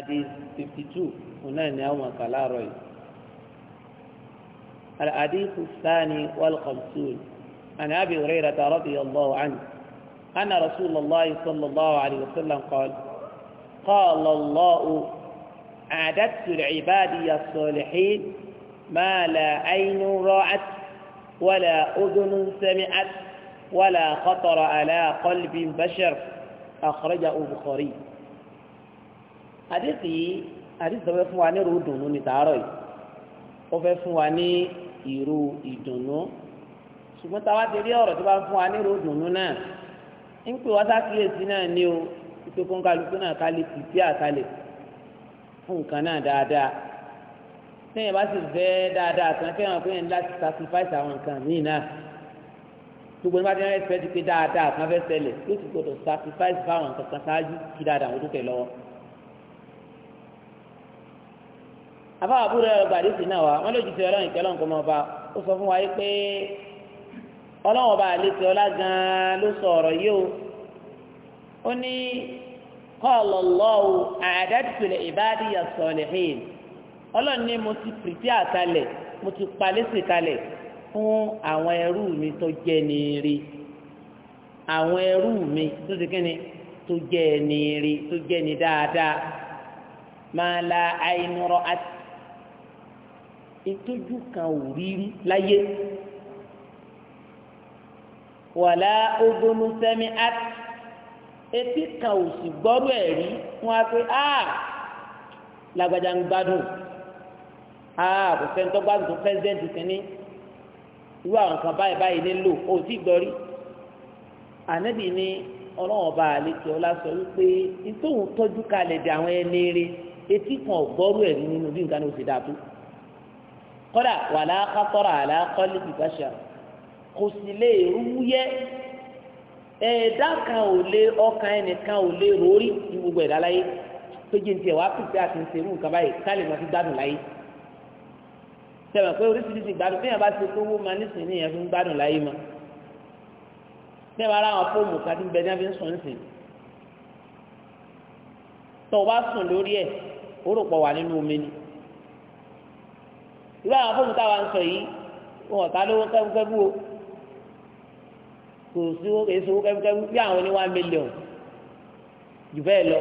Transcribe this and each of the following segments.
حديث 52 هنا نعم كلاري الحديث الثاني والخمسون عن أبي هريرة رضي الله عنه أن رسول الله صلى الله عليه وسلم قال قال الله أعددت لعبادي الصالحين ما لا عين رأت ولا أذن سمعت ولا خطر على قلب بشر أخرجه البخاري àdéhùn yìí àdéhùn tó fẹ́ fún wa ní ìró ìdùnnú ní tàárọ̀ yìí ó fẹ́ fún wa ní ìró ìdùnnú ṣùgbọ́n táwa ti rí ọ̀rọ̀ tó bá fún wa ní ìró ìdùnnú náà ń pè wá sákìlẹ̀sì náà ní o ìpè kó ń kálukú náà ká lè pìpì àkálẹ̀ fún nǹkan náà dáadáa lẹ́yìn bá sì fẹ́ dáadáa kan fẹ́ràn pé ń láti sacrifice àwọn nǹkan míì náà gbogbo ní bá ti rẹ́ fẹ́ ti pé dáadáa kan fẹ́ ṣẹlẹ̀ yóò ti gbọdọ̀ sacrifice fáwọn nǹkan kan ṣáájú kí dáadáa wọn tó lọ́wọ́. afa àbúrò ẹ̀rọ gbàdísì náà wá wọn lójú ti ọlọ́run ìkẹ́ ọlọ́run kò mọ̀ ọba ó sọ fún wa yìí pé ọlọ́run ọba àlejò ọlá gan-an ló sọ ọ̀rọ̀ yìí o ó ní qala Allahu a'dadtu li ibadiya salihin ọlọ́run ní mo ti pìrìtì àkàlẹ̀ mo ti palẹ́sì kalẹ̀ fún àwọn ẹrú mi tó jẹ́ níire àwọn ẹrú mi tó ti kíni tó jẹ́ níire tó jẹ́ ní dáadáa ma la aynu ra'at ìtójú kan ò rí rí láyé wàlá ogonu sẹ́mi at etí kan ò sì gbọ́rú ẹ̀ rí wọn á pé a làgbàjà ń gbádùn a kò sẹ́ni tó gbádùn tó pẹ́sidẹ́ǹtì kìíní irú àwọn kan báyìí báyìí nílò ó sì gbọ́rí ànábì ni ọlọ́run ọba àlejò ọlá sọ wípé nítòhún tọ́jú kalẹ̀ di àwọn ẹni rí etí kan ò gbọ́rú ẹ̀ rí nínú bí nǹkan ní oṣù dàtú kọ́dà wà láàkátọ́ra àlàkọ́lì bìbáṣà kò sì lè rúwúyẹ́ ẹ̀ẹ́dá kan ò lè ọkàn ẹnìkan ò lè rórí ní gbogbo ẹ̀dá láyé péjì ntí ẹ̀ wá pèsè àti ntẹ̀rù nǹkan báyìí káàlì máa fi gbádùn láyé sẹ́wọ̀n pé oríṣiríṣi gbádùn téèyàn bá ti kówó máa nísìnyí nìyẹn fi ń gbádùn láyé mọ́ téèyàn bá rà fóònù kàdí bẹ́ẹ̀ ní a fi ń sùn nísìn tó o sùn lórí ẹ̀ o pọ̀ wà nínú omi ni irú fóònù táwa ń sọ yìí wọn ọ̀tá lówó kẹ́bùkẹ́bù o kò sí owó kẹ́sí owó kẹ́bùkẹ́bù bí àwọn ní one million jù bẹ́ẹ̀ lọ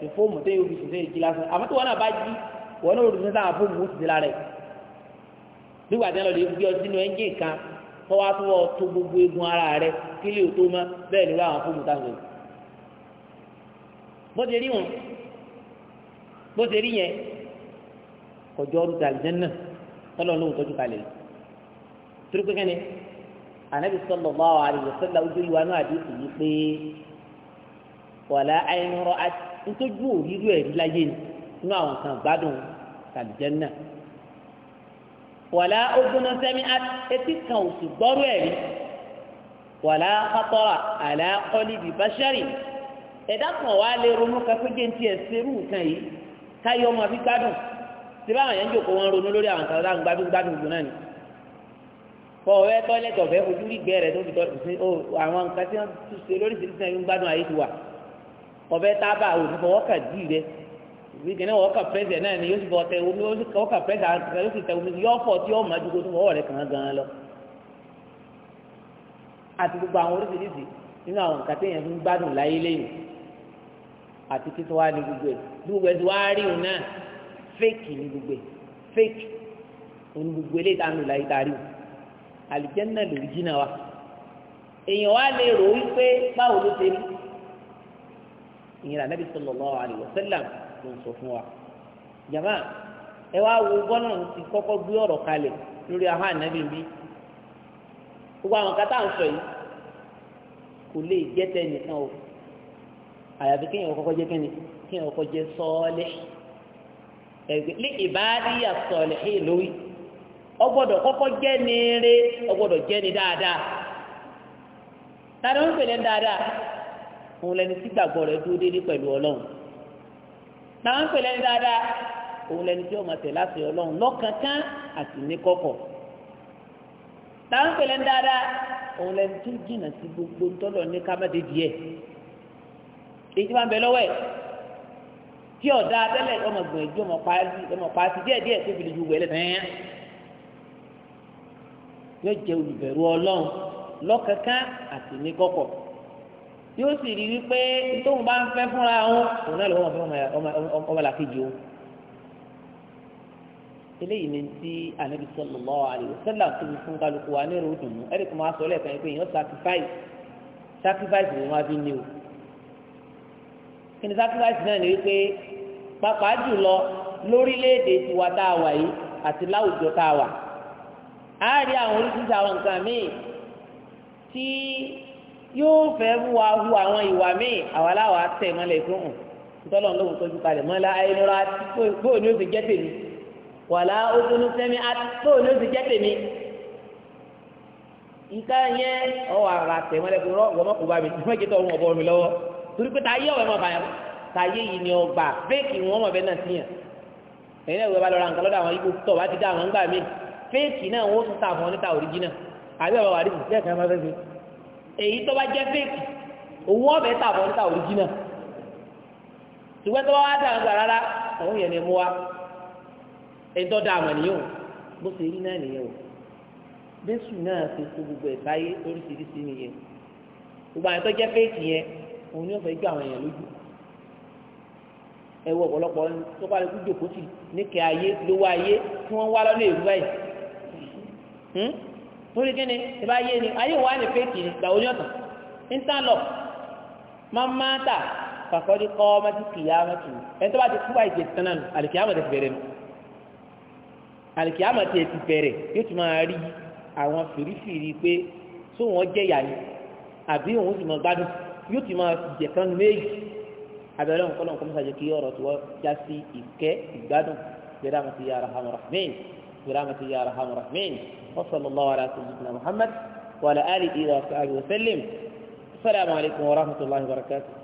ní fóònù tó yóò fi ṣiṣẹ́ ìjì lásán àmọ́ tí wọ́n náà bá jí wọ́n náà rúdùn sáà fóònù ó sì ti lára ẹ̀ nígbà tí wọ́n lè gbé ọ sínú ẹ́ńjì kan kọ́ wá tó wọ́n tó gbogbo egun ara rẹ kí lè tó mọ́ bẹ́ẹ̀ ni irú fóònù táwọn bó ti rí yẹn kọjọ́ ọdún tàlẹ́ náà tọ́lọ́ lóhùn tọ́jú kalẹ̀ torí pé kẹ́ni anabi sallallahu alaihi wasallam ojú ìwà náà àdé sì yí pé wàlá ayinrọ ntójú òrírú ẹ̀rí láyé nínú àwọn kan gbádùn tàlìjẹ́nà wàlá ogúnná sẹ́mi etí kan ò sì gbọ́rú ẹ̀rí wàlá kọ́tọ́rà àlá kọ́líbi báṣẹ́rì ẹ̀dá kan wà lè ronú kakújẹ́ ntí ẹ̀ serú nǹkan yìí káyọ̀ ọmọ fi gbádùn tí báwọn yẹn ń jòkó wọn ronú lórí àwọn kan láwọn gbádùn gbádùn gbòó náà ni kọ ọwẹ tọ́lẹ̀tì ọ̀fẹ́ fojú rí gbẹ rẹ tó fi tọ́ àwọn nǹkan tí wọ́n ti ṣe lórí ìṣèlú náà ń gbádùn ayé ti wà ọbẹ̀ tábà òfin fọwọ́ kà dì rẹ ìwé kẹ́ni wọ́n kà pẹ́sẹ̀ náà ni yóò sì fọ tẹ omi yóò kà pẹ́sẹ̀ àtẹ̀kẹ́ yóò sì tẹ omi yóò fọ tí yóò máa dúró tó fọwọ́ rẹ kàn gan lọ àti gbogbo àwọn oríṣiríṣi nínú àwọn nǹkan téèyàn fi ń gbádùn láyé lẹ́yìn àti kí tó wá ní gbogbo ẹ̀ gbogbo ẹ̀ ti wá rí òun náà fake ní gbogbo fake òní gbogbo eléyìí dànù láyé darí àlìjẹ́nà jìnnà wa èèyàn wa lè rò wípé báwo ló ṣe rí ìyẹn ànábì sallallahu alaihi wasallam ló ń sọ fún wa jàmá ẹ wá wo bọ́nà ti kọ́kọ́ gbé ọ̀rọ̀ kalẹ̀ lórí ahọ́ ànábì bí gbogbo ẹgbẹ́ ìbáàdí àsọ̀lẹ̀hìn lórí ọgbọ́dọ̀ kọ́kọ́ jẹ́ ní eré ọgbọ́dọ̀ jẹ́ ní dáadáa tani wọ́n pèlè dáadáa òun lẹni tí gbàgbọ́ dúró pẹ̀lú ọlọ́run tani wọ́n dáadáa òun lẹni tí ọmọ ọlọ́run àti ní kọ̀kọ̀ tani wọ́n dáadáa òun lẹni tí jìnnà sí gbogbo ní èyí tí ọ̀dà abẹ́lẹ̀ ọmọ gbìyànjú ọmọ paasi ọmọ paasi díẹ̀ díẹ̀ tó fìlẹ̀ ju wẹ̀lẹ̀ fẹ́ẹ́ yóò jẹ́ olùbẹ̀rù ọlọ́run lọ́kankan àti ní kọ́kọ́ yóò sì rí wípé tóun bá ń fẹ́ fúnra òun òun náà lọ́wọ́ fún ọmọlàkejì òun eléyìí ni ti anabi sallallahu alaihi wasallam tóbi fún kálukú wa ní ìròdùnú ẹ̀rí kò máa sọ lẹ́ẹ̀kan pé èèyàn sacrifice sacrifice ni wọ́n á fi ní o kí ni sacrifice náà ni wípé pàápàá jùlọ lórílẹ̀‐èdè tiwa tá a wà yìí àti láwùjọ tá a wà á rí àwọn oríṣiríṣi àwọn nǹkan míì tí yóò fẹ́ mú wa hu àwọn ìwà míì àwa láwa tẹ̀ mọ́lẹ̀ fún un tọ́lọ̀ lóhùn tó ju kalẹ̀ mọ́lá ayélujára àti bóò ni ó ti jẹ́ tèmi wàlá ogun sẹ́mi àti bóò ni ó ti jẹ́ tèmi nǹkan yẹn ọ̀wọ́ àrà tẹ̀ mọ́lẹ̀ fún un rọ́ kò bá mi ìfọ́jẹ́tọ̀ ọ̀hún ọ̀bọ mi lọ́wọ́ torí pé táyé ọ̀wẹ́ mọ̀ báyà táyé yìí ni ọgbà fẹ́ẹ̀kì wọn mọ̀ bẹ́ẹ̀ náà sí yàn ẹ̀yin náà ìwé bá lọ ra nǹkan lọ́dọ̀ àwọn ibo tọ̀ bá ti dá àwọn ńgbà míì fẹ́ẹ̀kì náà wọ́n tún tà fún ọ níta òrìjínà àbí ọ̀bá wà ríbi bẹ́ẹ̀ kan máa fẹ́ẹ́ fi èyí tó bá jẹ́ fẹ́ẹ̀kì owó ọ̀bẹ tà fún ọ níta òrìjínà ṣùgbọ́n tó bá wá ni òun ni wọ́n fẹ́ gbé àwọn èèyàn lójú ẹwọ ọ̀pọ̀lọpọ̀ tó bá lẹkú jòkó sí níkẹ ayé lówó ayé tí wọ́n wá lọlé ìlú báyìí hmm? torí kí ni ìbá ayé ni ayé wa ni fèkì ni gbàwó ní ọ̀tàn intanlọ máa ta fàkọ́dí kọ́ mẹ́tì kìyà mẹ́tì ẹni tó bá ti kú báyìí ti tán náà àlìkìyàmọ̀ ti bẹ̀rẹ̀ nù àlìkìyàmọ̀ ti ti bẹ̀rẹ̀ yóò ti máa rí àwọn fìrífìrí pé sóun ọ jẹ́ ìyá ni àbí òun sì mọ gbádùn yóò ti máa jẹ kan méjì abẹ́rẹ́ òun kọ́lọ́n kọ́mọ́sá jẹ́ kí ọ̀rọ̀ tó já sí ìkẹ́ ìgbádùn برحمتك يا أرحم الراحمين برحمتك يا أرحم الراحمين وصلى الله على سيدنا محمد وعلى آله وصحبه وسلم السلام عليكم ورحمة الله وبركاته